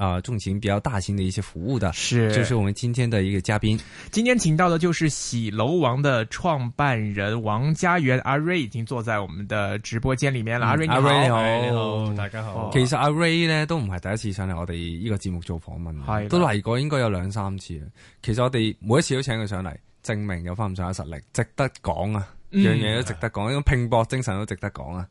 啊，重型、呃、比較大型的一些服務的，是，就是我們今天的一個嘉賓，今天請到的就是洗樓王的創辦人王嘉源。阿 Ray 已經坐在我們的直播間裏面啦，嗯、阿 Ray 你好，大家好。其實阿 Ray 呢，都唔係第一次上嚟我哋呢個節目做訪問，係的，都嚟過應該有兩三次啦。其實我哋每一次都請佢上嚟，證明有翻唔上下實力，值得講啊，樣嘢都值得講、啊，因為、嗯、 拼搏精神都值得講啊。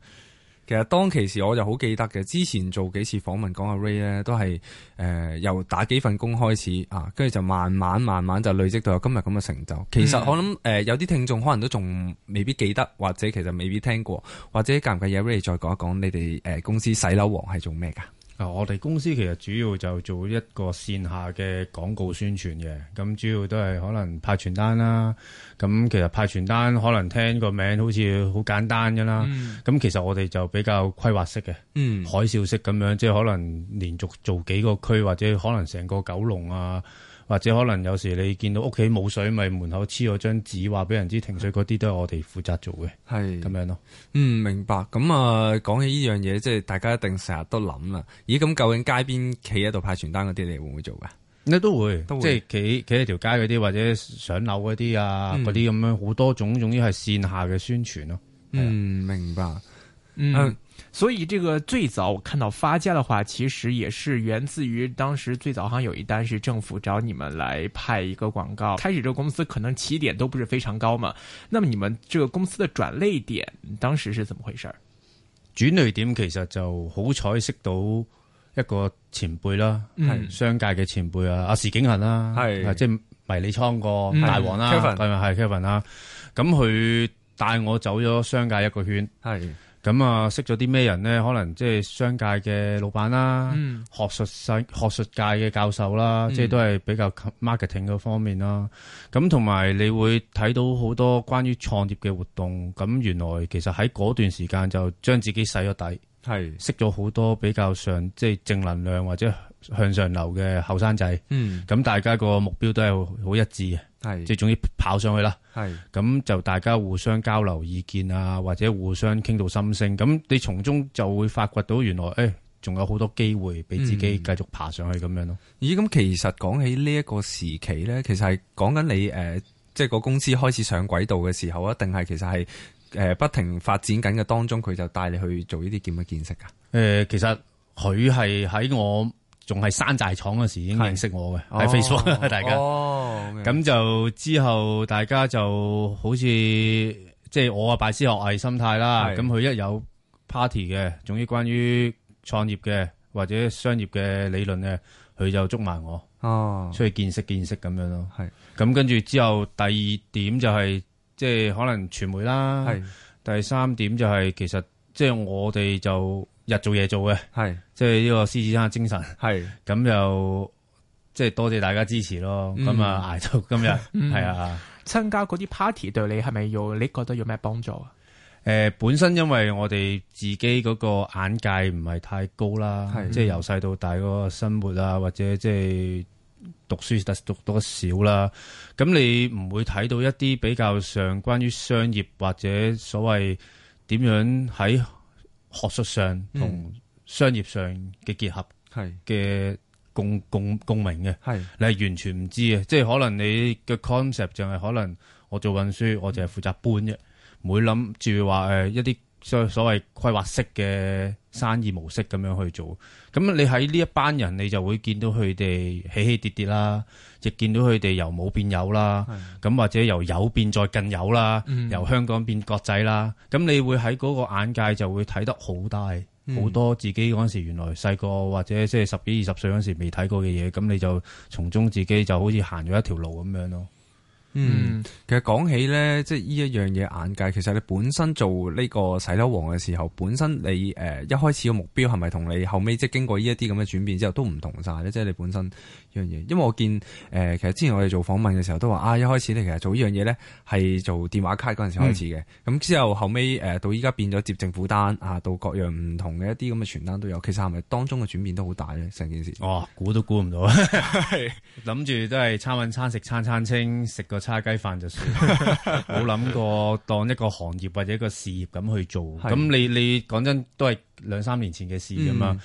其實當其時我就好記得嘅，之前做幾次訪問講阿 Ray 咧，都係誒由打幾份工開始啊，跟住就慢慢慢慢就累積到有今日咁嘅成就。其實我諗誒有啲聽眾可能都仲未必記得，或者其實未必聽過，或者夾唔夾嘢？Ray 再講一講你哋誒、呃、公司洗樓王係做咩噶？啊！我哋公司其實主要就做一個線下嘅廣告宣傳嘅，咁主要都係可能派傳單啦。咁其實派傳單可能聽個名好似好簡單㗎啦。咁、嗯、其實我哋就比較規劃式嘅，嗯、海嘯式咁樣，即係可能連續做幾個區，或者可能成個九龍啊。或者可能有時你見到屋企冇水，咪門口黐咗張紙，話俾人知停水，嗰啲、嗯、都係我哋負責做嘅，係咁是樣咯。嗯，明白。咁啊，講起呢樣嘢，即係大家一定成日都諗啦。咦，咁究竟街邊企喺度派傳單嗰啲，你會唔會做㗎？你都會，都會即係企企喺條街嗰啲，或者上樓嗰啲啊，嗰啲咁樣好多種種於係線下嘅宣傳咯、啊。嗯，明白的。嗯。嗯。所以這個最早我看到發家的話，其實也是源自於當時最早好像有一單是政府找你們來派一個廣告。開始這個公司可能起點都不是非常高嘛。那麼你們這個公司的轉捩點當時是怎麼回事？轉捩點其實就好彩識到一個前輩啦，嗯，商界嘅前輩啊，阿、啊、時景恒啦、啊，係即係迷你倉個大王啦，Kevin 係咪係 Kevin 啦？咁佢、啊、帶我走咗商界一個圈，係、嗯。咁啊，識咗啲咩人咧？可能即係商界嘅老闆啦，嗯，學術世學術界嘅教授啦，嗯、即係都係比較 marketing 嘅方面啦。咁同埋你會睇到好多關於創業嘅活動，咁原來其實喺嗰段時間就將自己洗咗底，係是識咗好多比較上即係正能量或者。向上流嘅後生仔，咁、嗯、大家個目標都係好一致嘅，是即係總之跑上去啦。咁就是大家互相交流意見啊，或者互相傾到心聲，咁你從中就會發掘到原來誒，仲、哎、有好多機會俾自己繼續爬上去咁、嗯、樣咯。咦、嗯，咁其實講起呢一個時期咧，其實係講緊你誒，即、呃、係、就是、個公司開始上軌道嘅時候啊，定係其實係誒不停發展緊嘅當中，佢就帶你去做呢啲咁嘅見識噶？誒、呃，其實佢係喺我。仲係山寨廠嗰時已經認識我嘅喺 Facebook，大家咁、哦、就之後大家就好似即係我啊拜師學藝心態啦。咁佢的一有 party 嘅，總之關於創業嘅或者商業嘅理論咧，佢就捉埋我哦，出去見識見識咁樣咯。係咁的跟住之後第二點就係即係可能傳媒啦。係的第三點就係其實即係、就是、我哋就。日做夜做嘅，係是即係呢個獅子山精神，係咁又即係多謝大家支持咯。咁啊挨到今日，係、 嗯、啊，參加嗰啲 party 對你係咪要？你覺得有咩幫助啊？誒、呃，本身因為我哋自己嗰個眼界唔係太高啦，是即係由細到大嗰個生活啊，或者即係讀書讀得少啦，咁你唔會睇到一啲比較上關於商業或者所謂點樣喺。學術上同商業上嘅結合，係嘅、嗯、共共共鳴嘅，係是你係完全唔知嘅，即係可能你嘅 concept 就係、是、可能我做運輸，我就係負責搬啫，唔會諗住話誒一啲所所謂規劃式嘅生意模式咁樣去做。咁你喺呢一班人，你就會見到佢哋起起跌跌啦。亦見到佢哋由冇變有啦，咁的或者由有變再更有啦，嗯、由香港變國際啦，咁你會喺嗰個眼界就會睇得好大，好、嗯、多自己嗰陣時原來細個或者即係十幾二十歲嗰陣時未睇過嘅嘢，咁你就從中自己就好似行咗一條路咁樣咯。嗯，其實講起咧，即係呢一樣嘢眼界，其實你本身做呢個洗樓王嘅時候，本身你誒、呃、一開始嘅目標係咪同你後尾即係經過呢一啲咁嘅轉變之後都唔同晒咧？即、就、係、是、你本身呢樣嘢，因為我見誒、呃、其實之前我哋做訪問嘅時候都話啊，一開始你其實做呢樣嘢咧係做電話卡嗰陣時開始嘅，咁、嗯、之後後尾誒、呃、到依家變咗接政府單啊，到各樣唔同嘅一啲咁嘅傳單都有，其實係咪當中嘅轉變都好大咧？成件事哦，估都估唔到，諗 住 都係餐搵餐食，餐餐清食叉雞飯就算，冇諗 過當一個行業或者一個事業咁去做。咁的你你講真都係兩三年前嘅事啫嘛。嗯、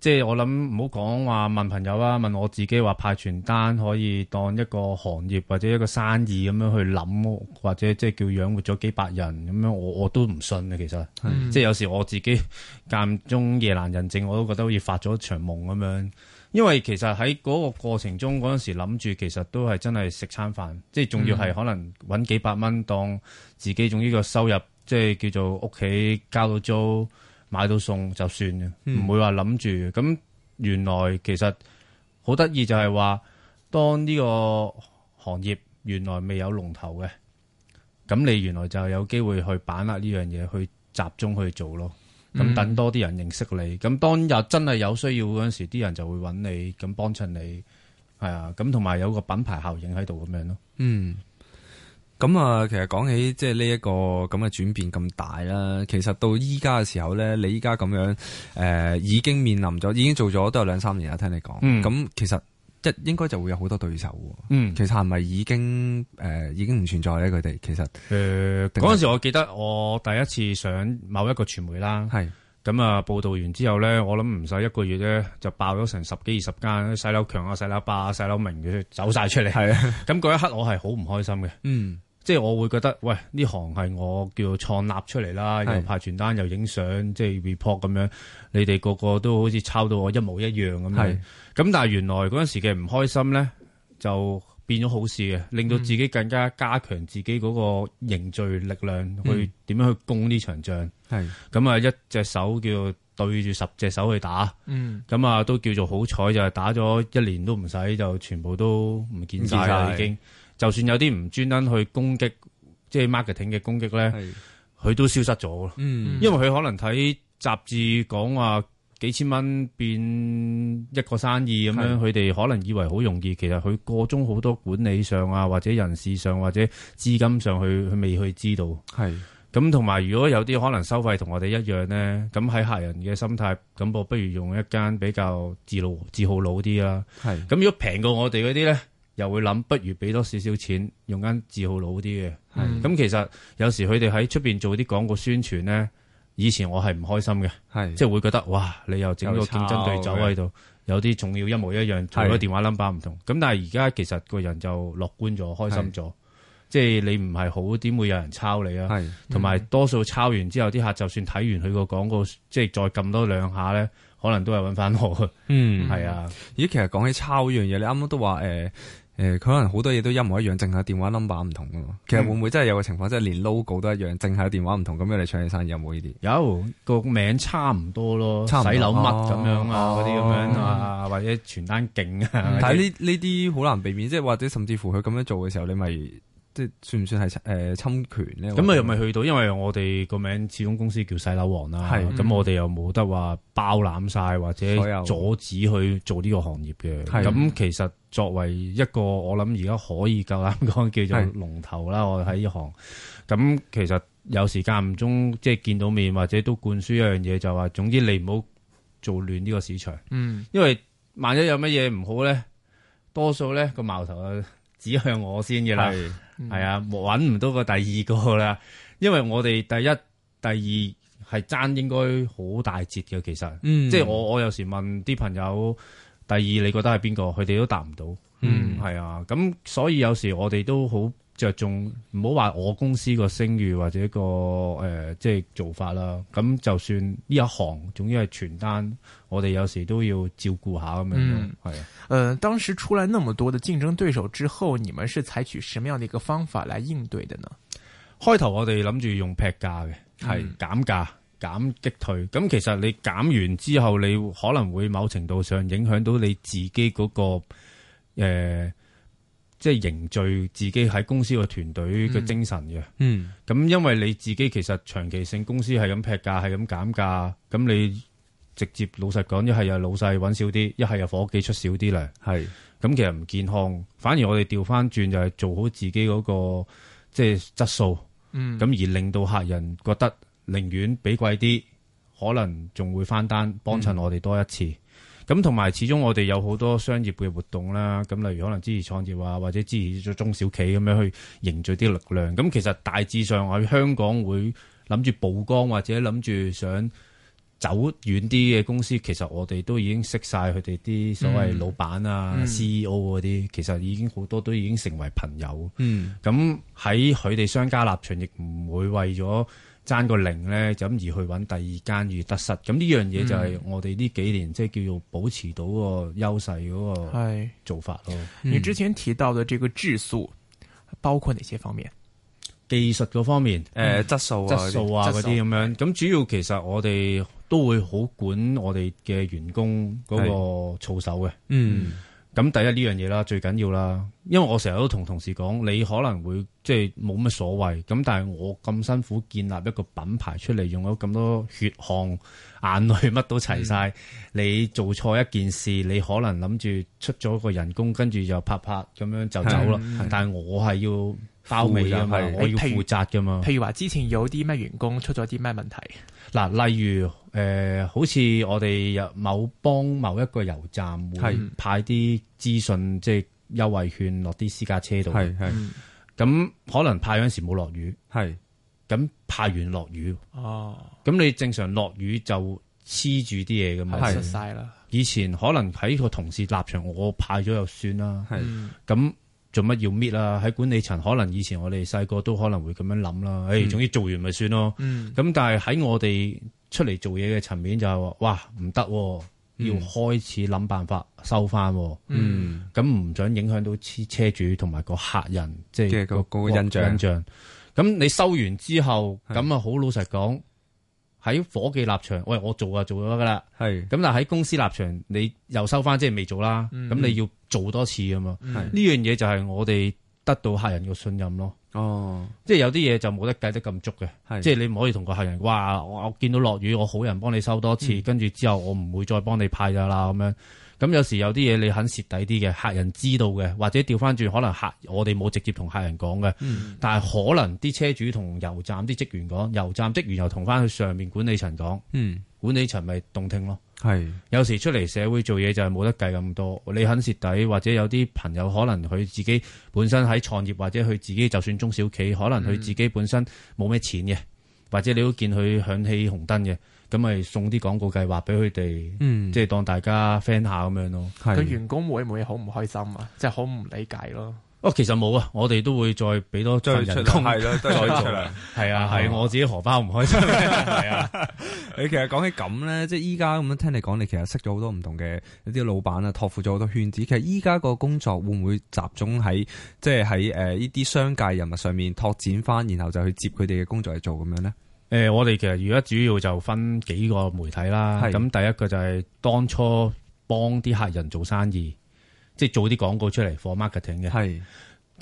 即係我諗唔好講話問朋友啊，問我自己話派傳單可以當一個行業或者一個生意咁樣去諗，或者即係叫養活咗幾百人咁樣，我我都唔信啊。其實，的嗯、即係有時我自己間中夜闌人靜，我都覺得好似發咗場夢咁樣。因為其實喺嗰個過程中嗰陣時諗住，其實都係真係食餐飯，即係仲要係可能搵幾百蚊當自己用呢個收入，即係叫做屋企交到租，買到餸，就算嘅，唔會話諗住。咁原來其實好得意就係話，當呢個行業原來未有龍頭嘅，咁你原來就有機會去把握呢樣嘢，去集中去做咯。咁、嗯、等多啲人認識你，咁當日真係有需要嗰陣時，啲人就會揾你，咁幫襯你，係啊，咁同埋有個品牌效應喺度咁樣咯。嗯，咁啊，其實講起即係呢一個咁嘅轉變咁大啦，其實到依家嘅時候咧，你依家咁樣誒、呃、已經面臨咗，已經做咗都有兩三年啦，聽你講，咁、嗯、其實。應該就會有好多對手。嗯，其是是、呃，其實係咪已經誒，已經唔存在咧？佢哋其實誒，嗰陣時我記得我第一次上某一個傳媒啦，係咁啊，報道完之後咧，我諗唔使一個月咧，就爆咗成十幾二十間洗樓強啊、洗樓霸啊、洗樓明嘅走晒出嚟。係啊，咁嗰一刻我係好唔開心嘅。嗯。即係我會覺得，喂，呢行係我叫做創立出嚟啦，是又派傳單，又影相，即係 report 咁樣。你哋個個都好似抄到我一模一樣咁樣。咁是但係原來嗰陣時嘅唔開心咧，就變咗好事嘅，令到自己更加加強自己嗰個凝聚力量，去點樣、嗯、去攻呢場仗。係咁啊，一隻手叫對住十隻手去打。嗯，咁啊都叫做好彩，就係、是、打咗一年都唔使，就全部都唔見曬啦已經。就算有啲唔專登去攻擊，即係 marketing 嘅攻擊咧，佢的都消失咗。嗯，因為佢可能睇雜誌講話幾千蚊變一個生意咁樣，佢哋的可能以為好容易，其實佢個中好多管理上啊，或者人事上或者資金上，去，佢未去知道。係咁的，同埋如果有啲可能收費同我哋一樣咧，咁喺客人嘅心態，咁我不如用一間比較自，自老自好老啲啦。係咁的，如果平過我哋嗰啲咧。又會諗，不如俾多少少錢，用間字號老啲嘅。咁，其實有時佢哋喺出邊做啲廣告宣傳咧，以前我係唔開心嘅，係即係會覺得哇，你又整個競爭對手喺度，有啲重要一模一樣，除咗電話 number 唔同。咁但係而家其實個人就樂觀咗，開心咗。即係你唔係好，點會有人抄你啊？同埋多數抄完之後，啲客就算睇完佢個廣告，即係再撳多兩下咧，可能都係揾翻我。嗯，係啊。咦，其實講起抄呢樣嘢，你啱啱都話誒。誒，佢可能好多嘢都一模一樣，淨係電話 number 唔同啊嘛。其實會唔會真係有個情況，嗯、即係連 logo 都一樣，淨係電話唔同咁樣嚟搶你生意有有？有冇呢啲？有個名差唔多咯，差唔多洗樓乜咁、啊啊、樣啊，嗰啲咁樣啊，或者傳單勁啊。但係呢呢啲好難避免，即係或者甚至乎佢咁樣做嘅時候，你咪。即係算唔算係誒侵權咧？咁啊又咪去到，因為我哋個名始終公司叫洗樓王啦。係，咁、嗯、我哋又冇得話包攬晒，或者阻止去做呢個行業嘅。係是，咁其實作為一個我諗而家可以夠膽講叫做龍頭啦。是我喺呢行，咁其實有時間唔中即係見到面或者都灌輸一樣嘢，就話、是、總之你唔好做亂呢個市場。嗯，因為萬一有乜嘢唔好咧，多數咧個矛頭啊指向我先嘅啦。係啊，搵唔到個第二個啦，因為我哋第一、第二係爭應該好大截嘅，其實，嗯，即係我我有時問啲朋友，第二你覺得係邊個？佢哋都答唔到，嗯，係啊，咁所以有時我哋都好。着重唔好話我公司個聲譽或者個誒、呃、即係做法啦，咁就算呢一行，總之係傳單，我哋有時都要照顧下咁樣樣係。誒、嗯的呃，當時出來那麼多的競爭對手之後，你們是採取什麼樣的一個方法來應對的呢？開頭我哋諗住用劈價嘅，係減價、減擊退。咁其實你減完之後，你可能會某程度上影響到你自己嗰、那個誒。呃即係凝聚自己喺公司個團隊嘅精神嘅、嗯。嗯，咁因為你自己其實長期性公司係咁劈價，係咁減價，咁你直接老實講，一係又老細揾少啲，一係又伙計出少啲嚟，係是，咁、嗯、其實唔健康。反而我哋調翻轉就係做好自己嗰、那個即係、就是、質素。嗯，咁而令到客人覺得寧願俾貴啲，可能仲會翻單幫襯我哋多一次。嗯嗯咁同埋，始終我哋有好多商業嘅活動啦，咁例如可能支持創業啊，或者支持咗中小企咁樣去凝聚啲力量。咁其實大致上，喺香港會諗住曝光或者諗住想走遠啲嘅公司，其實我哋都已經識晒佢哋啲所謂老闆啊、嗯、CEO 嗰啲，其實已經好多都已經成為朋友。嗯，咁喺佢哋商家立場，亦唔會為咗爭個零咧，就咁而去揾第二間而得失，咁呢樣嘢就係我哋呢幾年、嗯、即係叫做保持到嗰個優勢嗰個做法咯。嗯、你之前提到嘅這個質素包括哪些方面？技術嗰方面，誒質素啊、質素啊嗰啲咁樣。咁、啊、術主要其實我哋都會好管我哋嘅員工嗰個操守嘅。嗯。嗯咁第一呢樣嘢啦，最緊要啦，因為我成日都同同事講，你可能會即係冇乜所謂，咁但係我咁辛苦建立一個品牌出嚟，用咗咁多血汗、眼淚，乜都齊晒。嗯，你做錯一件事，你可能諗住出咗個人工，跟住又拍拍咁樣就走啦。但係我係要包尾啊嘛，我要負責噶嘛。譬、譬如話之前有啲咩員工出咗啲咩問題？嗱，例如。誒、呃，好似我哋有某幫某一個油站會派啲資訊，是即係優惠券落啲私家車度。係。係咁可能派嗰陣時冇落雨。係咁是派完落雨。哦，咁你正常落雨就黐住啲嘢，噶嘛，濕晒啦。是以前可能喺個同事立場，我派咗就算啦。係咁做乜要搣啊喺管理層，可能以前我哋細個都可能會咁樣諗啦。誒、哎，總之做完咪算咯。嗯，咁但係喺我哋。出嚟做嘢嘅層面就係話，哇，唔得，要開始諗辦法收翻。嗯，咁唔想影響到車車主同埋個客人，即係個個印象。印象咁你收完之後，咁啊好老實講，喺夥計立場，喂，我做啊做咗得㗎啦。係咁，但喺公司立場，你又收翻即係未做啦。咁你要做多次啊嘛。呢樣嘢就係我哋得到客人嘅信任咯。哦，即係有啲嘢就冇得計得咁足嘅，的即係你唔可以同個客人，的哇！我見到落雨，我好人幫你收多次，跟住、嗯、之後我唔會再幫你派噶啦咁樣。咁有時有啲嘢你肯蝕底啲嘅，客人知道嘅，或者調翻轉可能客，我哋冇直接同客人講嘅，嗯、但係可能啲車主同油站啲職員講，油站職員又同翻去上面管理層講。嗯管理層咪動聽咯，係是有時出嚟社會做嘢就係冇得計咁多，你肯蝕底或者有啲朋友可能佢自己本身喺創業或者佢自己就算中小企，可能佢自己本身冇咩錢嘅，或者你都見佢響起紅燈嘅，咁咪送啲廣告計劃俾佢哋，嗯、即係當大家 friend 下咁樣咯。佢是員工會唔會好唔開心啊？即係好唔理解咯？哦，其實冇啊，我哋都會再俾多張人工，再出嚟。係啊，係我自己荷包唔開心。係 啊 你你，你其實講起咁咧，即係依家咁樣聽你講，你其實識咗好多唔同嘅一啲老闆啊，托付咗好多圈子。其實依家個工作會唔會集中喺即係喺誒呢啲商界人物上面拓展翻，然後就去接佢哋嘅工作嚟做咁樣咧？誒、 欸，我哋其實而家主要就分幾個媒體啦。咁的第一個就係當初幫啲客人做生意。即係做啲廣告出嚟，for marketing 嘅。係是，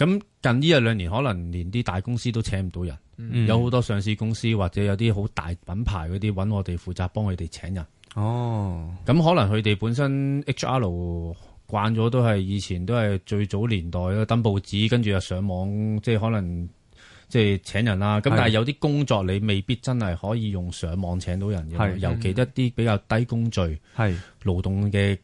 咁近呢一兩年，可能連啲大公司都請唔到人。嗯、有好多上市公司或者有啲好大品牌嗰啲搵我哋負責幫佢哋請人。哦，咁可能佢哋本身 HR 慣咗都係以前都係最早年代咯，登報紙，跟住又上網，即係可能即係請人啦。咁是但係有啲工作你未必真係可以用上網請到人嘅。是尤其一啲比較低工序，是是勞動嘅。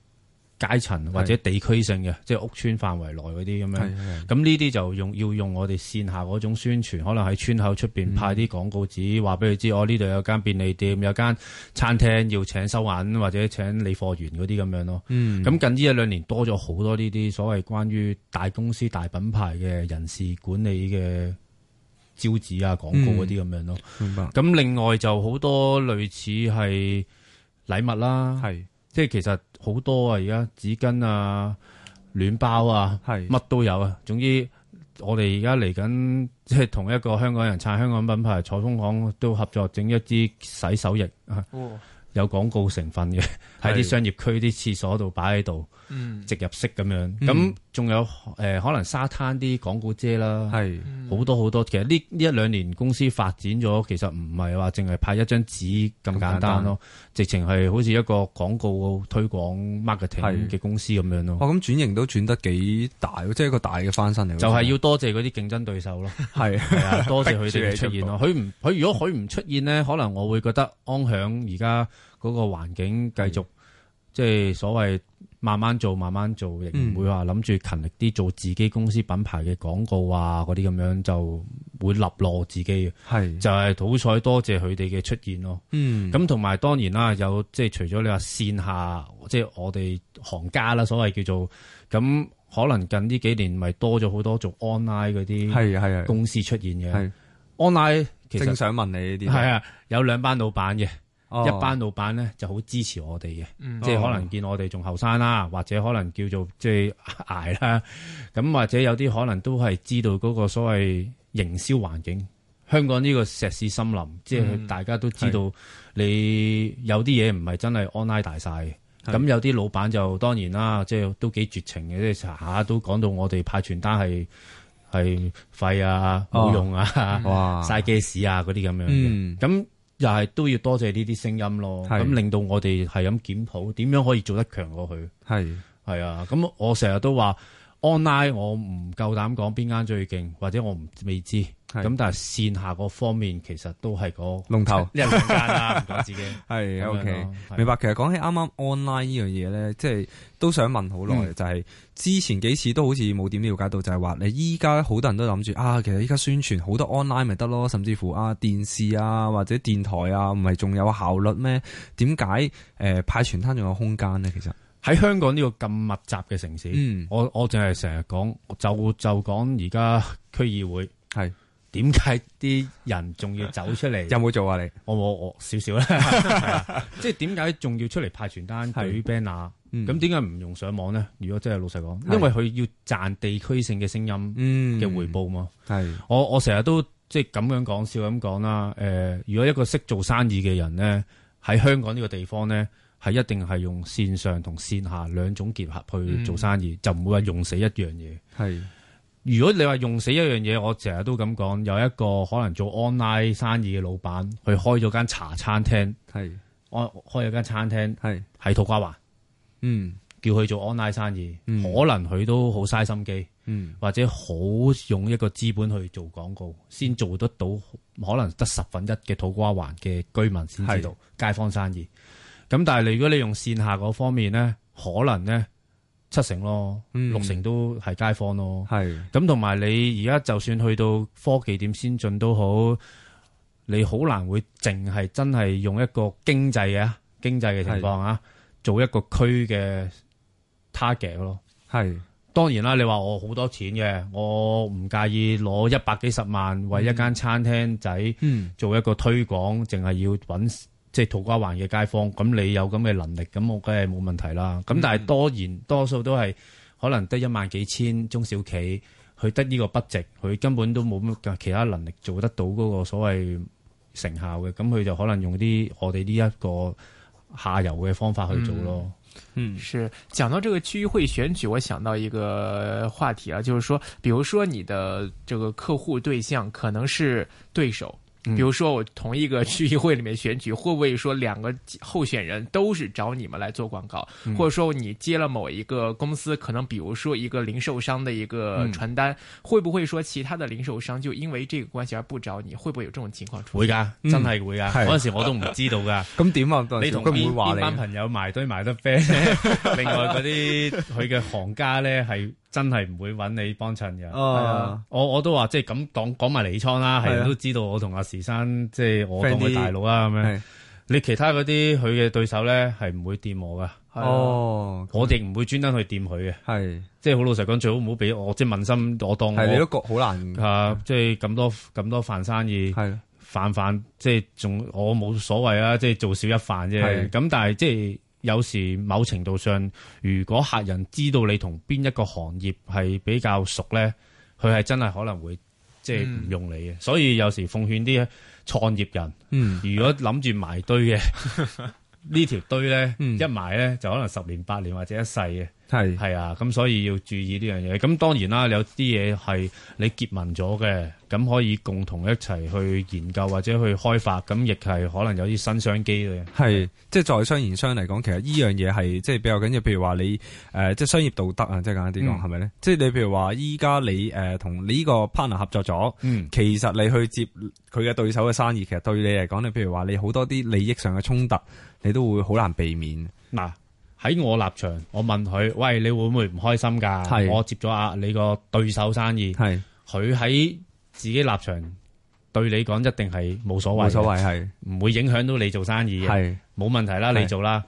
階層或者地區性嘅，是即係屋村範圍內嗰啲咁樣。咁呢啲就用要用我哋線下嗰種宣傳，可能喺村口出邊派啲廣告紙，話俾佢知我呢度有間便利店，有間餐廳要請收銀或者請理貨員嗰啲咁樣咯。咁、嗯、近呢一兩年多咗好多呢啲所謂關於大公司大品牌嘅人事管理嘅招紙啊廣告嗰啲咁樣咯。咁、嗯、明白、另外就好多類似係禮物啦。即係其實好多啊！而家紙巾啊、暖包啊，乜是的 都有啊。總之我，我哋而家嚟緊，即係同一個香港人撐香港品牌，坐通行都合作整一啲洗手液啊，哦、有廣告成分嘅，喺啲是的 商業區啲廁所度擺喺度。植入式咁樣咁，仲、嗯、有誒、呃，可能沙灘啲廣告遮啦，係好、嗯、多好多。其實呢呢一兩年公司發展咗，其實唔係話淨係派一張紙咁簡單咯，單直情係好似一個廣告推廣 marketing 嘅公司咁樣咯。哇！咁、哦、轉型都轉得幾大，即、就、係、是、一個大嘅翻身嚟。就係要多謝嗰啲競爭對手咯，係係是 啊，多謝佢哋嘅出現咯。佢唔佢如果佢唔出現呢，可能我會覺得安享而家嗰個環境繼續即係、嗯、所謂。慢慢做，慢慢做，亦唔會話諗住勤力啲做自己公司品牌嘅廣告啊，嗰啲咁樣就會立落自己嘅。係是就係好彩，多謝佢哋嘅出現咯。嗯，咁同埋當然啦，有即係除咗你話線下，即係我哋行家啦，所謂叫做咁，可能近呢幾年咪多咗好多做 online 嗰啲係啊係啊公司出現嘅。係 online 其實想問你呢啲係啊，有兩班老闆嘅。哦、一班老闆咧就好支持我哋嘅，嗯、即係可能見我哋仲後生啦，或者可能叫做即係捱啦。咁或者有啲可能都係知道嗰個所謂營銷環境，香港呢個石屎森林，嗯、即係大家都知道是你有啲嘢唔係真係 online 大晒。咁是有啲老闆就當然啦，即係都幾絕情嘅，即係查下都講到我哋派傳單係係廢啊，冇用啊，嘥嘅士啊嗰啲咁樣嘅。咁、嗯嗯就係都要多謝呢啲聲音咯咁的令到我哋係咁檢討點樣可以做得強過佢？係的，係啊，咁我成日都話 online，我唔夠膽講邊間最勁，或者我唔未知。咁是但係線下個方面其實都係，那個龍頭是一兩間啦，唔搞 自己係 OK。明白？其實講起啱啱 online 呢樣嘢咧，即係都想問好耐，嗯、就係、是、之前幾次都好似冇點了解到，就係、是、話你依家好多人都諗住啊，其實依家宣傳好多 online 咪得咯，甚至乎啊電視啊或者電台啊，唔係仲有效率咩？點解誒派傳單仲有空間呢？其實喺香港呢個咁密集嘅城市，嗯、我我淨係成日講就就講而家區議會係。是點解啲人仲要走出嚟？有冇 做啊？你我冇，我，我，我少少啦。即係點解仲要出嚟派傳單 anner、舉 banner？咁點解唔用上網咧？如果真係老實講，因為佢要賺地區性嘅聲音嘅回報嘛。係、嗯、我我成日都即係咁樣講笑咁講啦。誒、呃，如果一個識做生意嘅人咧，喺香港呢個地方咧，係一定係用線上同線下兩種結合去做生意，嗯、就唔會話用死一樣嘢。係。如果你話用死一樣嘢，我成日都咁講，有一個可能做 online 生意嘅老闆，佢開咗間茶餐廳，係是開開咗間餐廳，係喺土瓜灣，嗯，叫佢做 online 生意，可能佢都好嘥心機，嗯，或者好用一個資本去做廣告，先做得到，可能得十分一嘅土瓜灣嘅居民先知道街坊生意。咁是但係你如果你用線下嗰方面咧，可能咧。七成咯，嗯、六成都係街坊咯。係咁同埋，你而家就算去到科技點先進都好，你好難會淨係真係用一個經濟嘅經濟嘅情況啊，係做一個區嘅 target 咯。係，係當然啦，你話我好多錢嘅，我唔介意攞一百幾十萬為一間餐廳仔，嗯、做一個推廣，淨係要揾。即係土瓜灣嘅街坊，咁你有咁嘅能力，咁我梗係冇問題啦。咁但係多然、嗯、多數都係可能得一萬幾千中小企，佢得呢個筆值，佢根本都冇乜其他能力做得到嗰個所謂成效嘅，咁佢就可能用啲我哋呢一個下游嘅方法去做咯。嗯，嗯是。講到這個區會選舉，我想到一個話題啊，就是說，比如說，你的這個客戶對象可能是對手。比如說，我同一個區議會裏面選舉，嗯，會不會說兩個候選人都是找你們來做廣告，嗯？或者說你接了某一個公司，可能比如說一個零售商的一個傳單，嗯，會不會說其他的零售商就因為這個關係而不找你？你會不會有這種情況出現？會噶，真係，嗯，會噶。嗰陣時我都唔知道噶。咁點啊？你同邊班朋友埋堆埋得 friend？另外嗰啲佢嘅行家呢係，真係唔會揾你幫襯嘅。哦，我我都話即係咁講，講埋李倉啦，係都知道我同阿時生即係我當佢大佬啦咁樣。你其他嗰啲佢嘅對手咧係唔會掂我㗎。哦，我哋唔會專登去掂佢嘅。係，即係好老實講，最好唔好俾我即係問心，我當。係你都覺好難啊！即係咁多咁多飯生意，飯飯即係仲我冇所謂啊！即係做少一飯啫。咁，但係即係。有時某程度上，如果客人知道你同邊一個行業係比較熟呢，佢係真係可能會即係唔用你嘅。嗯、所以有時奉勸啲創業人，嗯、如果諗住埋堆嘅呢的 條堆呢，嗯、一埋呢，就可能十年八年或者一世嘅。係係啊，咁所以要注意呢樣嘢。咁當然啦，有啲嘢係你結盟咗嘅，咁可以共同一齊去研究或者去開發，咁亦係可能有啲新商機嘅。係是，是即作在商言商嚟講，其實呢樣嘢係即係比較緊要。譬如話你誒、呃，即係商業道德啊、嗯，即係簡單啲講，係咪咧？即係你譬如話，依、呃、家你誒同呢個 partner 合作咗，嗯、其實你去接佢嘅對手嘅生意，其實對你嚟講，你譬如話你好多啲利益上嘅衝突，你都會好難避免。嗱。喺我立場，我問佢，喂，你會唔會唔開心噶？是我接咗阿你個對手生意，佢喺是自己立場對你講，一定係冇所謂，冇所謂，係唔會影響到你做生意，係冇是問題啦，你做啦。是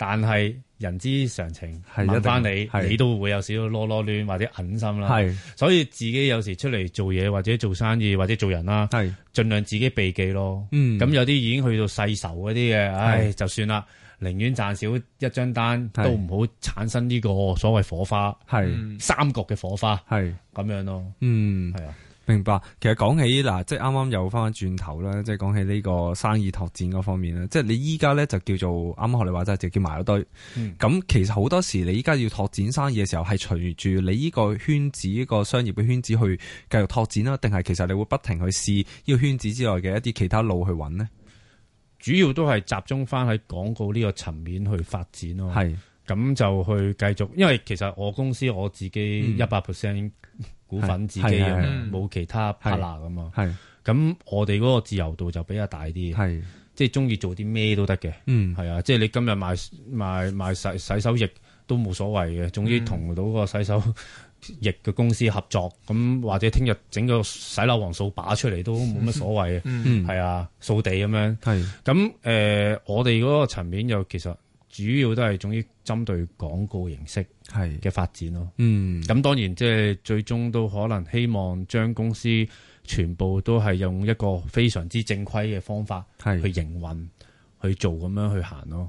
但係人之常情，問翻你，你都會有少少囉囉攣或者狠心啦。係是，所以自己有時出嚟做嘢或者做生意或者做人啦，係盡是量自己避忌咯。嗯，咁有啲已經去到細仇嗰啲嘅，唉，就算啦。寧願賺少一張單，是都唔好產生呢個所謂火花，係是、嗯、三角嘅火花，係咁是樣咯。嗯，係啊，明白。其實講起嗱，即係啱啱又翻翻轉頭啦，即係講起呢個生意拓展嗰方面啦。即係你依家咧就叫做啱啱學你話齋，直接埋咗堆。咁、嗯、其實好多時你依家要拓展生意嘅時候，係隨住你呢個圈子、呢、呢個商業嘅圈子去繼續拓展啦，定係其實你會不停去試呢個圈子之外嘅一啲其他路去揾呢？主要都係集中翻喺廣告呢個層面去發展咯，咁是就去繼續。因為其實我公司我自己一百 percent 股份自己嘅，冇、嗯、其他 partner 噶嘛。咁我哋嗰個自由度就比較大啲，是即係中意做啲咩都得嘅。係、嗯、啊，即係你今日賣賣賣洗洗手液都冇所謂嘅，總之同到個洗手。嗯易嘅公司合作，咁或者聽日整個洗樓王掃把出嚟都冇乜所謂嘅，係、 嗯、啊，掃地咁樣。係咁是，誒、呃，我哋嗰個層面又其實主要都係總之針對廣告形式係嘅發展咯。嗯，咁當然即係最終都可能希望將公司全部都係用一個非常之正規嘅方法係去營運去做咁樣去行咯。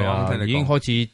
嗯、已經開始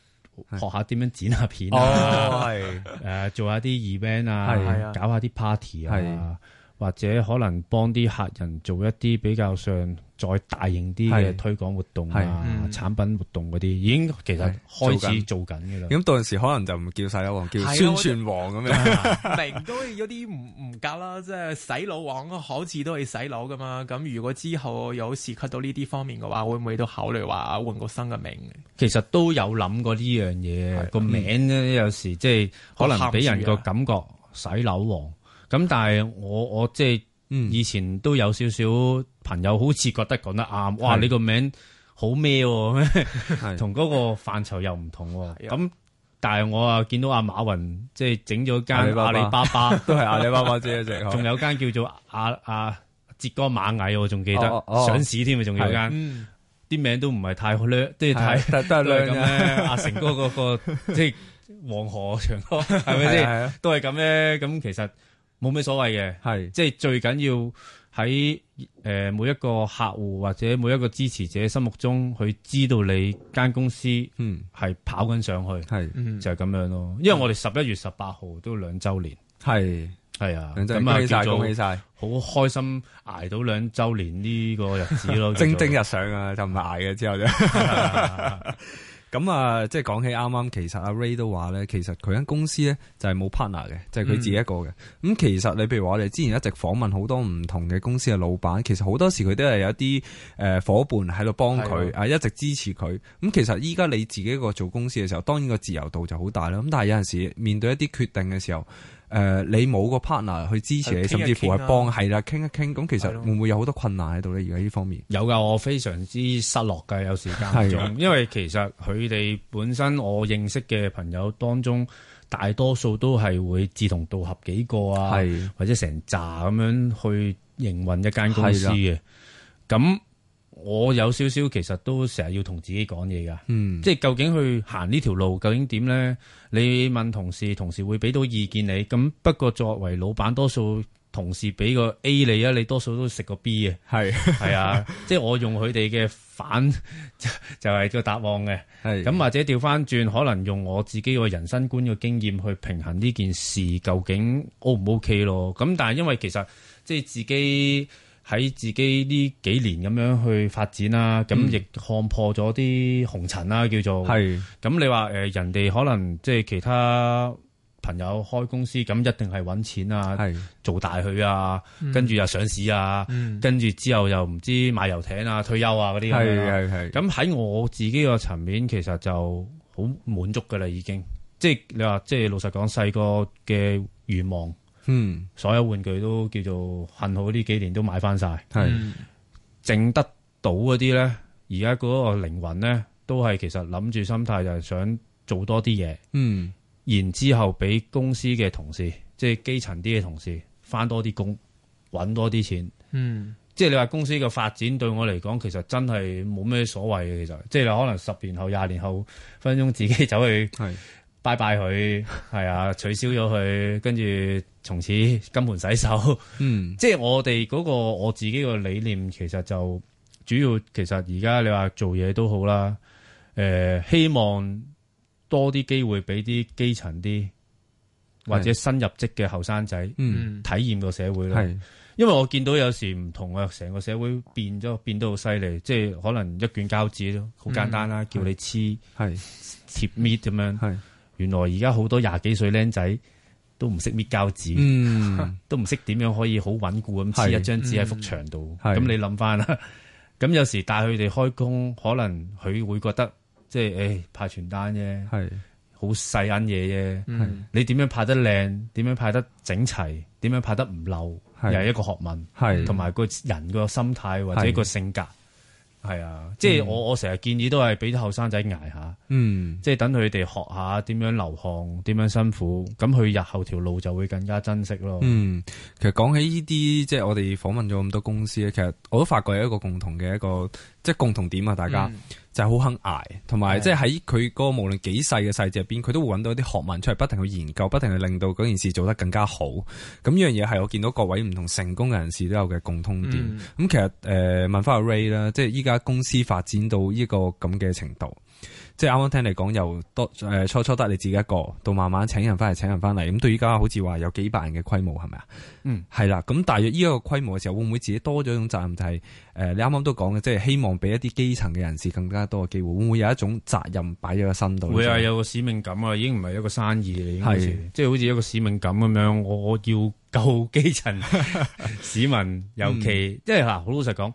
學下點樣剪下片的啊，係誒做下啲 event 啊，係啊，搞下啲 party 啊，係啊。或者可能幫啲客人做一啲比較上再大型啲嘅推廣活動啊、的嗯、產品活動嗰啲，已經其實開始做緊嘅啦。咁、嗯嗯、到陣時可能就唔叫洗樓王，叫宣傳王咁樣名 都有啲唔唔夾啦，即係洗樓王好似都可以洗樓噶嘛。咁如果之後有涉及到呢啲方面嘅話，會唔會都考慮話換個新嘅名？其實都有諗過呢樣嘢，個的、嗯、名咧有時即係可能俾人個感覺洗樓王。咁但係我我即係以前都有少少朋友好似覺得講得啱，哇你個名好咩？同嗰個範疇又唔同。咁但係我啊見到阿馬雲即係整咗間阿里巴巴，都係阿里巴巴啫，仲有間叫做阿阿浙江螞蟻，我仲記得上市添，仲有間啲名都唔係太叻，都要睇，係阿成哥嗰個即係黃河長江，係咪先？都係咁咧。咁其實。冇咩所謂嘅，係是即係最緊要喺誒、呃、每一個客戶或者每一個支持者心目中，佢知道你間公司嗯係跑緊上去，係、嗯、就係咁樣咯。嗯、因為我哋十一月十八號都兩周年，係係是啊，咁啊，晒、嗯！恭喜晒，好開，開心挨到兩周年呢個日子咯， 蒸蒸日上啊，就唔係挨嘅之後就。 咁啊，即係講起啱啱，其實阿 Ray 都話咧，其實佢間公司咧就係冇 partner 嘅，即係佢自己一個嘅。咁、嗯、其實你譬如話我哋之前一直訪問好多唔同嘅公司嘅老闆，其實好多時佢都係有一啲誒夥伴喺度幫佢啊，嗯、一直支持佢。咁其實依家你自己一個做公司嘅時候，當然個自由度就好大啦。咁但係有陣時面對一啲決定嘅時候，誒、呃，你冇個 partner 去支持你，傾一傾甚至乎係幫，係啦，傾一傾。咁其實會唔會有好多困難喺度咧？而家呢方面有噶，我非常之失落嘅，有時間種。的因為其實佢哋本身我認識嘅朋友當中，大多數都係會志同道合幾個啊，的或者成紮咁樣去營運一間公司嘅。咁的我有少少，其實都成日要同自己講嘢噶，嗯、即係究竟去行呢條路究竟點咧？你問同事，同事會俾到意見你。咁不過作為老闆，多數同事俾個 A 你啊，你多數都食個 B 嘅。係係是 啊， 即係我用佢哋嘅反就係個答案嘅。係咁是 或者調翻轉，可能用我自己個人生觀嘅經驗去平衡呢件事，究竟 O 唔 OK 咯？咁但係因為其實即係自己。喺自己呢幾年咁樣去發展啦、啊，咁亦、嗯、看破咗啲紅塵啦、啊，叫做係。咁是你話誒、呃、人哋可能即係其他朋友開公司，咁一定係揾錢啊，係是做大佢啊，嗯、跟住又上市啊，嗯、跟住之後又唔知買遊艇啊、退休啊嗰啲咁樣啦。咁喺、啊、我自己個層面，其實就好滿足噶啦，已經。即係你話即係老實講，細個嘅願望。嗯，所有玩具都叫做幸好呢幾年都買翻晒，係整得到嗰啲呢。而家嗰個靈魂呢，都係其實諗住心態就係想做多啲嘢，嗯，然之後俾公司嘅同事，即係基層啲嘅同事翻多啲工，揾多啲錢，嗯，即係你話公司嘅發展對我嚟講，其實真係冇咩所謂嘅，其實即係你可能十年後、廿年後分分鐘自己走去。拜拜佢，係啊，取消咗佢，跟住從此金盆洗手。嗯，即係我哋嗰、嗰個我自己個理念，其實就主要其實而家你話做嘢都好啦。誒、呃，希望多啲機會俾啲基層啲或者新入職嘅後生仔體驗個社會啦。嗯、因為我見到有時唔同啊，成個社會變咗變得好犀利，即係可能一卷膠紙咯，好簡單啦、啊，嗯、叫你黐係貼面咁樣。原來而家好多廿幾歲僆仔，都唔識搣膠紙，嗯、 都唔識點樣可以好穩固咁黐一張紙喺幅牆度。咁、嗯、你諗翻啦，咁 有時帶佢哋開工，可能佢會覺得即係誒派傳單啫，好細緊嘢啫。是你點樣派得靚，點樣派得整齊，點樣派得唔漏，又係是一個學問，同埋是個人個心態或者個性格。係啊，即係我、嗯、我成日建議都係俾啲後生仔挨下，嗯，即係等佢哋學下點樣流汗，點樣辛苦，咁佢日後條路就會更加珍惜咯。嗯，其實講起呢啲，即係我哋訪問咗咁多公司咧，其實我都發覺有一個共同嘅一個。即係共同點啊！大家、嗯、就係好肯捱，同埋即係喺佢嗰個無論幾細嘅細節入邊，佢是的 都會揾到一啲學問出嚟，不停去研究，不停去令到嗰件事做得更加好。咁呢樣嘢係我見到各位唔同成功嘅人士都有嘅共通點。咁、嗯、其實誒、呃、問翻阿 Ray 啦，即係依家公司發展到呢個咁嘅程度。即係啱啱聽你講，又多，誒，初初得你自己一個，到慢慢請人翻嚟，請人翻嚟，咁到依家好似話有幾百人嘅規模，係咪啊？嗯，係啦，咁大約呢個規模嘅時候，會唔會自己多咗一種責任？就係誒，你啱啱都講嘅，即係希望俾一啲基層嘅人士更加多嘅機會，會唔會有一種責任擺咗個身度？會啊，有個使命感啊，已經唔係一個生意嚟，係即係好似一個使命感咁樣，我要救基層市民，尤其即係嗱，好老實講，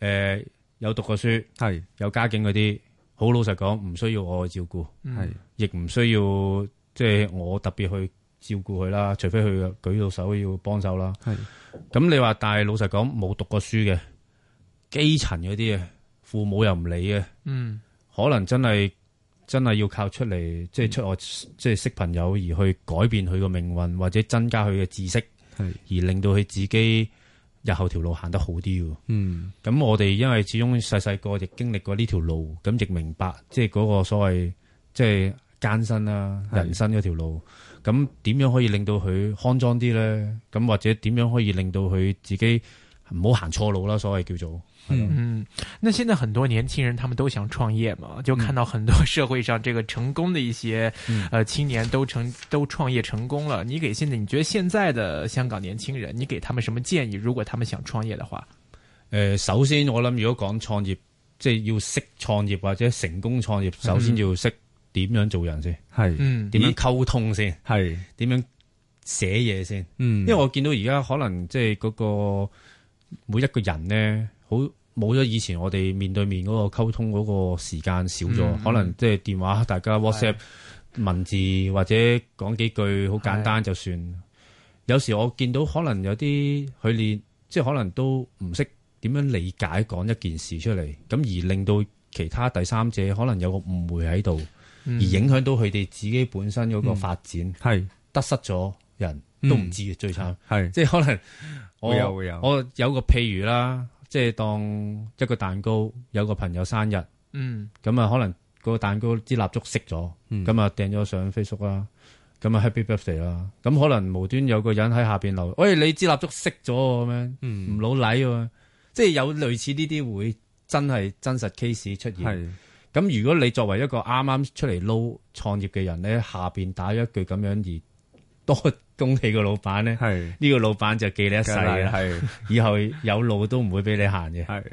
誒，有讀過書，係有家境嗰啲。好老實講，唔需要我去照顧，係，亦唔需要即係我特別去照顧佢啦。除非佢舉到手要幫手啦。係，咁你話，但係老實講，冇讀過書嘅基層嗰啲嘅父母又唔理嘅，嗯，可能真係真係要靠出嚟，即係出外，即係識朋友而去改變佢個命運，或者增加佢嘅知識，係，是的 而令到佢自己。日後條路行得好啲喎。嗯，咁我哋因為始終細細個亦經歷過呢條路，咁亦明白即係嗰個所謂即係艱辛啦、啊，人生嗰條路。咁點是的 樣可以令到佢康莊啲咧？咁或者點樣可以令到佢自己？唔好行錯路啦，所謂叫做嗯嗯。那現在很多年輕人他們都想創業嘛，就看到很多社會上這個成功的一些，嗯呃、青年都成都創業成功了。你給現在你覺得現在的香港年輕人，你給他們什麼建議？如果他們想創業的話，誒、呃，首先我諗如果講創業，即係要識創業或者成功創業，首先要識點樣做人先，係嗯，點樣溝通先，係點是樣寫嘢先，嗯是，因為我見到而家可能即係嗰個。每一個人呢，好冇咗以前我哋面對面嗰個溝通嗰個時間少咗，嗯、可能即係電話，大家 WhatsApp 的文字或者講幾句好簡單就算。的有時我見到可能有啲佢哋，即係可能都唔識點樣理解講一件事出嚟，咁而令到其他第三者可能有個誤會喺度，嗯、而影響到佢哋自己本身嗰個發展，係、嗯、得失咗人都唔知嘅。最慘，係即係可能。我有會有，會有，我有個譬如啦，即係當一個蛋糕，有個朋友生日，嗯，咁啊可能個蛋糕支蠟燭熄咗，咁啊掟咗上 Facebook 啦，咁啊 Happy Birthday 啦，咁可能無端有個人喺下邊留言，喂、欸、你支蠟燭熄咗咁樣，唔、嗯、老禮喎、啊，即係有類似呢啲會真係真實 case 出現，咁如果你作為一個啱啱出嚟撈創業嘅人，你喺下邊打一句咁樣而。多恭喜個老闆咧，呢的個老闆就記你一世啦。以後有路都唔會俾你行嘅。的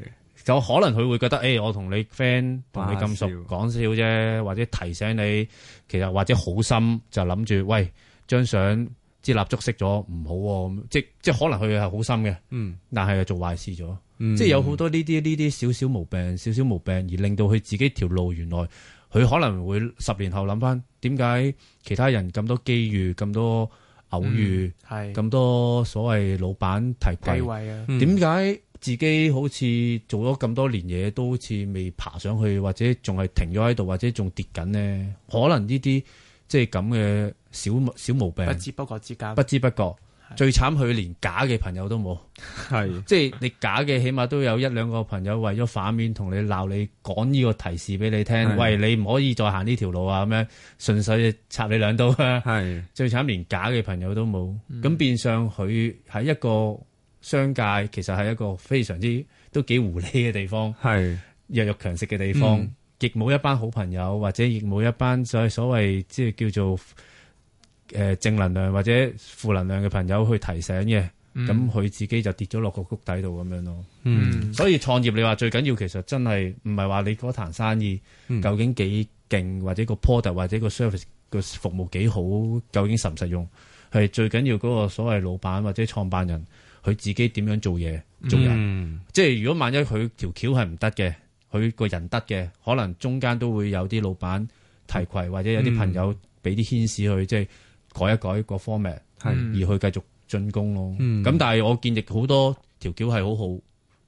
就可能佢會覺得，誒、 哎，我同你 friend，同你咁熟，講笑啫，或者提醒你，其實或者好心就諗住，喂，張相支蠟燭熄咗唔好、啊，即即可能佢係好心嘅。嗯，但係又做壞事咗。嗯，即有好多呢啲呢啲少少毛病，少少毛病而令到佢自己條路原來。佢可能會十年後諗翻點解其他人咁多機遇、咁多偶遇、咁、嗯、多所謂老闆提貴位啊？點、嗯、解自己好似做咗咁多年嘢都好似未爬上去，或者仲係停咗喺度，或者仲跌緊呢？可能呢啲即係咁嘅小小毛病，不知不覺之間，不知不覺。最慘佢連假嘅朋友都冇，係是，即係你假嘅起碼都有一兩個朋友為咗反面同你鬧你，講呢個提示俾你聽，是喂，你唔可以再行呢條路啊，咁樣，順手就插你兩刀啊！係是，最慘連假嘅朋友都冇，咁、嗯、變相佢喺一個商界，其實係一個非常之都幾狐狸嘅地方，係是弱肉強食嘅地方，亦冇、嗯、一班好朋友或者亦冇一班所所謂即係叫做。誒、呃，正能量或者負能量嘅朋友去提醒嘅，咁佢、嗯、自己就跌咗落個谷底度咁樣咯。嗯，所以創業你話最緊要其實真係唔係話你嗰壇生意究竟幾勁，嗯、或者個 product 或者個 service 個服務幾好，究竟實唔實用？係最緊要嗰個所謂老闆或者創辦人佢自己點樣做嘢做人。嗯、即係如果萬一佢條橋係唔得嘅，佢個人得嘅，可能中間都會有啲老闆提攜，或者有啲朋友俾啲牽使去即係。改一改個 format，係是而去繼續進攻咯。嗯，咁但係我見，亦好多條件係好好，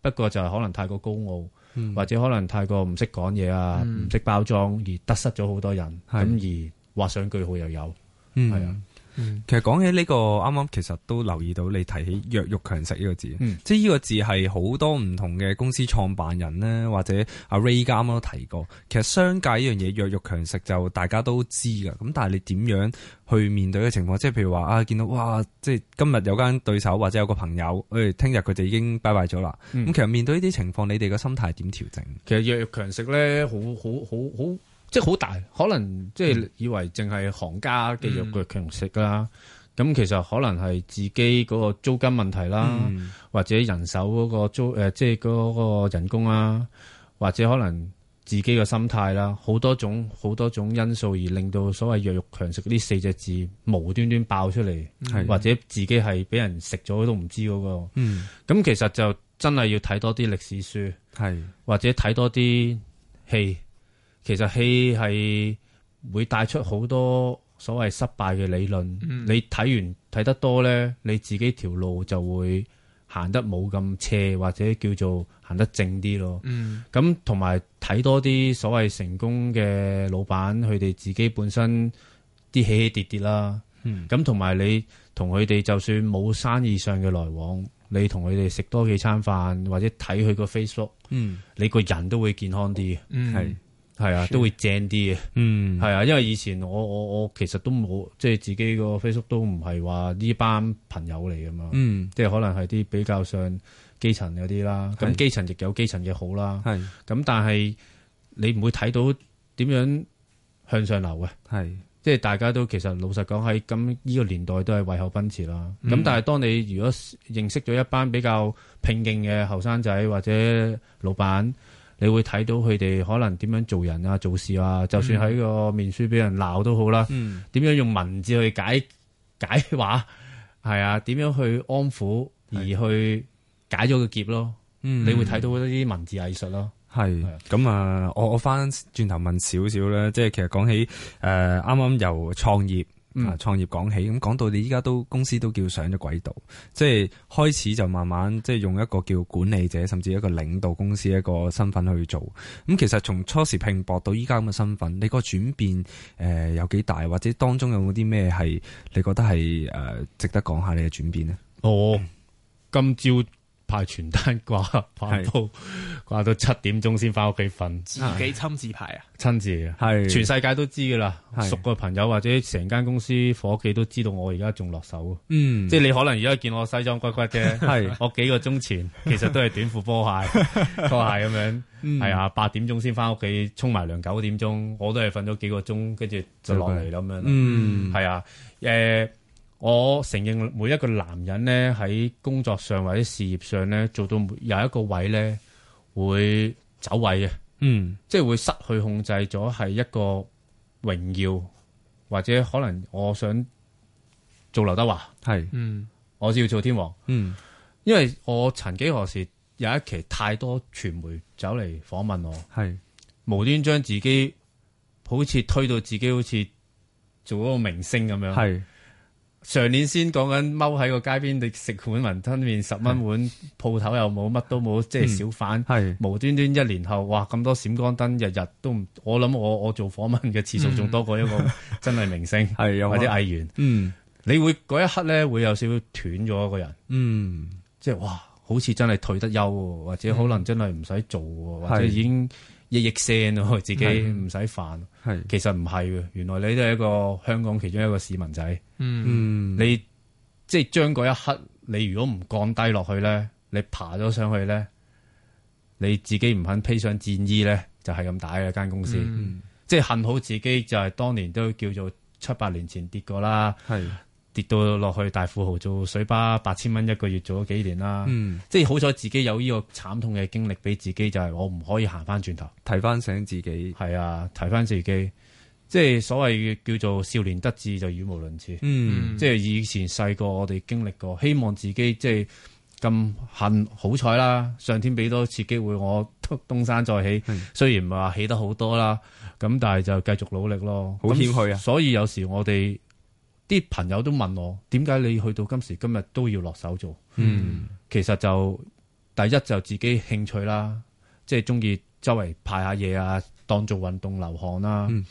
不過就係可能太過高傲，嗯、或者可能太過唔識講嘢啊，唔識、嗯、包裝而得失咗好多人。咁是而畫上句號又有，嗯，係啊。嗯、其實講起呢個，啱啱其實都留意到你提起弱肉強食呢個字，嗯、即係呢個字係好多唔同嘅公司創辦人呢，或者阿 Ray 啱啱都提過。其實商界呢樣嘢弱肉強食就大家都知噶，咁但係你點樣去面對嘅情況？即係譬如話啊，見到哇，即係今日有間對手或者有個朋友，誒、哎，聽日佢哋已經拜拜咗啦。咁、嗯、其實面對呢啲情況，你哋個心態點調整、嗯嗯嗯？其實弱肉強食咧，好好好好。好好好好好好即係好大，可能即係以為淨係行家嘅弱肉強食啦。咁、嗯、其實可能係自己嗰個租金問題啦，嗯、或者人手嗰個租誒、呃，即係嗰個人工啊，或者可能自己嘅心態啦，好多種好多種因素而令到所謂弱肉強食呢四隻字無端端爆出嚟，的或者自己係俾人食咗都唔知嗰個。咁、嗯、其實就真係要睇多啲歷史書，的或者睇多啲戲。其實戲係會帶出好多所謂失敗嘅理論，嗯、你睇完睇得多呢，你自己條路就會行得冇咁斜，或者叫做行得正啲咯。咁同埋睇多啲所謂成功嘅老闆，佢哋自己本身啲起起跌跌啦。咁同埋你同佢哋就算冇生意上嘅來往，你同佢哋食多幾餐飯，或者睇佢個 Facebook，嗯、你個人都會健康啲。係、嗯。係啊，都會正啲啊。嗯，係啊，因為以前我我我其實都冇，即係自己個 Facebook 都唔係話呢班朋友嚟㗎嘛。嗯，即係可能係啲比較上基層嗰啲啦。咁是基層亦有基層嘅好啦。係是。咁但係你唔會睇到點樣向上流嘅。係是。即係大家都其實老實講喺咁呢個年代都係為口奔馳啦。咁、嗯、但係當你如果認識咗一班比較拼勁嘅後生仔或者老闆。你會睇到佢哋可能點樣做人啊、做事啊，就算喺個面書俾人鬧都好啦。嗯、點樣用文字去解解畫，係啊？點樣去安撫而去解咗個結咯？嗯、你會睇到好多啲文字藝術咯。係咁是啊！我我翻轉頭問少少啦，即係其實講起誒、呃、啱啱由創業。啊！創業講起，咁講到你依家都公司都叫上咗軌道，即係開始就慢慢即係用一個叫管理者，甚至一個領導公司一個身份去做。咁、嗯、其實從初時拼搏到依家咁嘅身份，你個轉變誒、呃、有幾大，或者當中有冇啲咩係你覺得係誒、呃、值得講下你嘅轉變呢？哦，今朝。派傳單掛到是掛到七點鐘先翻屋企瞓，自己親自排啊！親自啊，是全世界都知噶啦，是熟個朋友或者成間公司夥計都知道我而家仲落手。嗯，即係你可能而家見我西裝骨骨啫， 是我幾個鐘前其實都係短褲波鞋，波鞋咁樣。係、 嗯、啊，八點鐘先翻屋企沖埋涼，九點鐘我都係瞓咗幾個鐘，跟住就落嚟咁樣。嗯，係啊，誒。我承認每一個男人咧，喺工作上或者事業上咧，做到有一個位，咧會走位嘅。嗯，即係會失去控制咗，係一個榮耀，或者可能我想做劉德華係，嗯，我先要做天王。嗯，因為我曾幾何時有一期太多傳媒走嚟訪問我，係是無端將自己好似推到自己好似做一個明星咁樣，係。上年先講緊踎喺個街邊你食碗雲吞麵十蚊碗，鋪頭又冇，乜都冇，即係小販，嗯、無端端一年後，哇咁多閃光燈，日日都，唔。我諗我我做訪問嘅次數仲多過一個真係明星，嗯、或者藝員。嗯，你會嗰一刻咧會有少少斷咗一個人。嗯，即係哇，好似真係退得休，或者可能真係唔使做，或者已經。嗯一億聲哦，自己唔使煩，係的其實唔係嘅，原來你都係一個香港其中一個市民仔，嗯，你即係將嗰一刻，你如果唔降低落去咧，你爬咗上去咧，你自己唔肯披上戰衣咧，就係咁大嘅間公司，即係幸好自己就係、是、當年都叫做七八年前跌過啦，係。跌到落去大富豪做水吧，八千蚊一個月做咗幾年啦，嗯、即係好彩自己有呢個慘痛嘅經歷俾自己，就係、是、我唔可以行翻轉頭，提翻醒自己。係啊，提翻自己，即係所謂叫做少年得志就語無倫次。嗯，即係以前細個我哋經歷過，希望自己即係咁恨，好彩啦，上天俾多次機會我東東山再起。嗯、雖然唔係話起得好多啦，咁但係就繼續努力咯。好謙虛啊！所以有時我哋。啲朋友都問我，點解你去到今時今日都要落手做？嗯、其實就第一就自己興趣啦，即係中意周圍派下嘢啊，當做運動流汗啦。咁、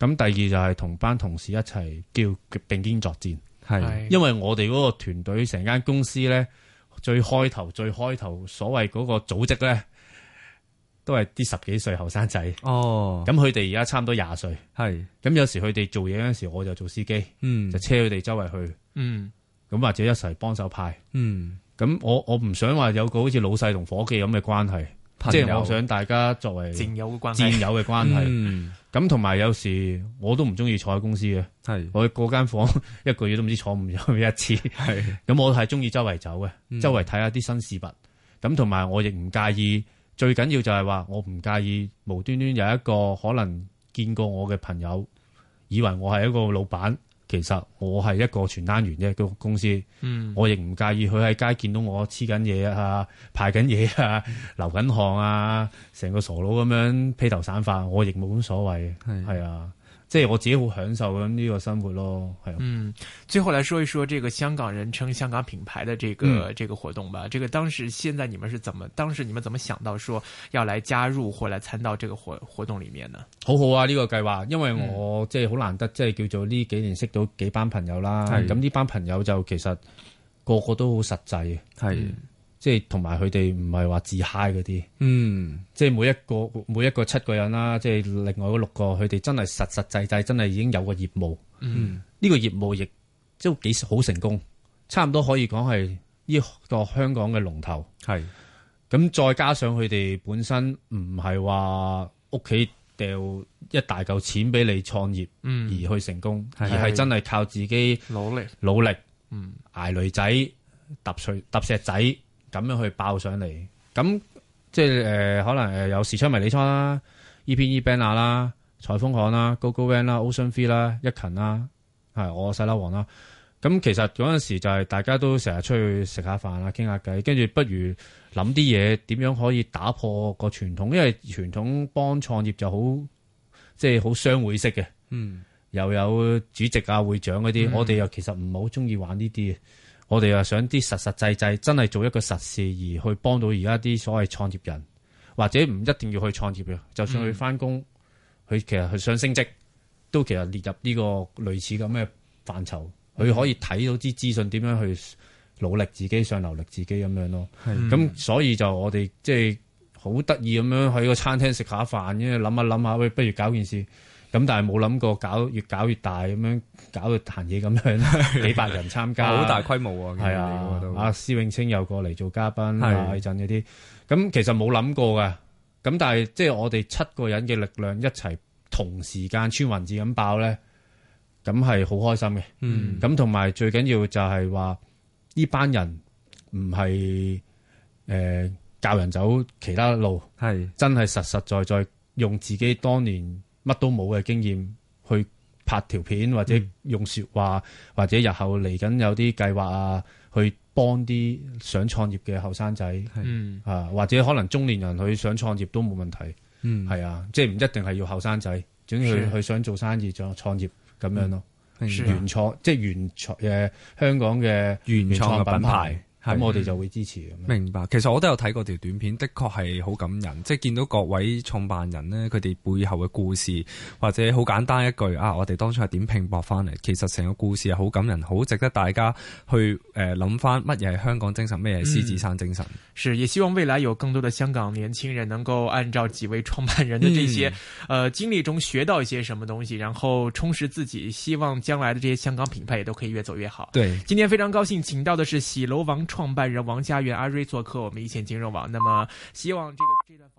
嗯、第二就係同班同事一齊叫並肩作戰，係的因為我哋嗰個團隊成間公司呢，最開頭最開頭所謂嗰個組織呢，都係啲十幾歲後生仔，哦，咁佢哋而家差唔多廿歲，係，咁有時佢哋做嘢嗰陣時，我就做司機，嗯，就車佢哋周圍去，嗯，咁或者一齊幫手派，嗯，咁我我唔想話有個好似老細同伙計咁嘅關係，即係我想大家作為戰友嘅關係，戰友嘅關係，咁同埋有時我都唔中意坐喺公司嘅，係，我嗰間房一個月都唔知坐唔有一次，係，咁我係中意周圍走嘅，周圍睇下啲新事物，咁同埋我亦唔介意。最緊要就係話，我唔介意無端端有一個可能見過我嘅朋友，以為我係一個老闆，其實我係一個傳單員啫。公司，嗯、我亦唔介意佢喺街見到我黐緊嘢啊，派緊嘢啊，流緊汗啊，成個傻佬咁樣披頭散髮，我亦冇咁所謂。係是啊。即係我自己好享受緊呢個生活咯，係。嗯，最後來說一說這個香港人稱香港品牌的這個、嗯、這個活動吧。這個當時，現在你們是怎麼？當時你們怎麼想到說要來加入或來參到這個活活動裏面呢？好好啊，呢、這個計劃，因為我，、嗯、我即係好難得，即係叫做呢幾年識到幾班朋友啦。咁呢的班朋友就其實個個都好實際，係的。的即係同埋佢哋唔係話自嗨嗰啲，嗯，即係每一個每一個七個人啦，即係另外嗰六個，佢哋真係實實際際真係已經有個業務，嗯，呢、嗯呢個業務亦都幾好成功，差唔多可以講係呢個香港嘅龍頭，係是，咁再加上佢哋本身唔係話屋企掉一大嚿錢俾你創業，嗯，而去成功，嗯、而係真係靠自己努力努力，嗯，捱騾仔揼碎揼石仔。咁樣去爆上嚟，咁即係誒、呃，可能誒有時昌迷你倉啦、EPE banner 啦、財豐行啦、GoGoVan 啦、Ocean Free 啦、一勤啦，係我細佬王啦。咁其實嗰陣時就係大家都成日出去食下飯啊，傾下偈，跟住不如諗啲嘢點樣可以打破個傳統，因為傳統幫創業就好，即係好商會式嘅。嗯，又有主席啊、會長嗰啲，嗯、我哋又其實唔係好鍾意玩呢啲。我哋又想啲實實際際真係做一個實事，而去幫到而家啲所謂創業人，或者唔一定要去創業嘅，就算佢翻工，佢、嗯、其實佢想升職，都其實列入呢個類似咁嘅範疇，佢、嗯、可以睇到啲資訊點樣去努力自己，想流力自己咁樣咯。咁、嗯、所以就我哋即係好得意咁樣喺個餐廳食下飯，因為諗下諗下，喂，不如搞件事。咁但係冇諗過搞越搞越大咁樣搞到彈嘢咁樣， 幾百人參加，好 大規模係啊，阿、啊都啊、施永青又過嚟做嘉賓，阿魏嗰啲。咁、啊、其實冇諗過噶。咁但係即係我哋七個人嘅力量一齊同時間穿雲箭咁爆咧，咁係好開心嘅。咁同埋最緊要就係話呢班人唔係誒教人走其他路，係的真係實實在在，在用自己當年。乜都冇嘅經驗去拍條片，或者用説話，或者日後嚟緊有啲計劃啊，去幫啲想創業嘅後生仔，是啊，或者可能中年人去想創業都冇問題，係、嗯、啊，即係唔一定係要後生仔，只要去、啊、去想做生意做創業咁樣咯，啊、原創即係原創、啊、香港嘅原創品牌。咁我哋就會支持。嗯、明白，其實我都有睇過條短片，的確係好感人。即係見到各位創辦人呢，佢哋背後嘅故事，或者好簡單一句啊，我哋當初係點拼搏翻嚟？其實成個故事係好感人，好值得大家去誒諗翻乜嘢係香港精神，咩係獅子山精神、嗯。是，也希望未來有更多嘅香港年輕人能夠按照幾位創辦人的這些誒經歷中學到一些什麼東西，然後充實自己。希望將來的這些香港品牌都可以越走越好。對，今天非常高興請到的是洗樓王。創辦人王嘉源阿 Ray 做客我們一線金融網，那麼希望這個這段。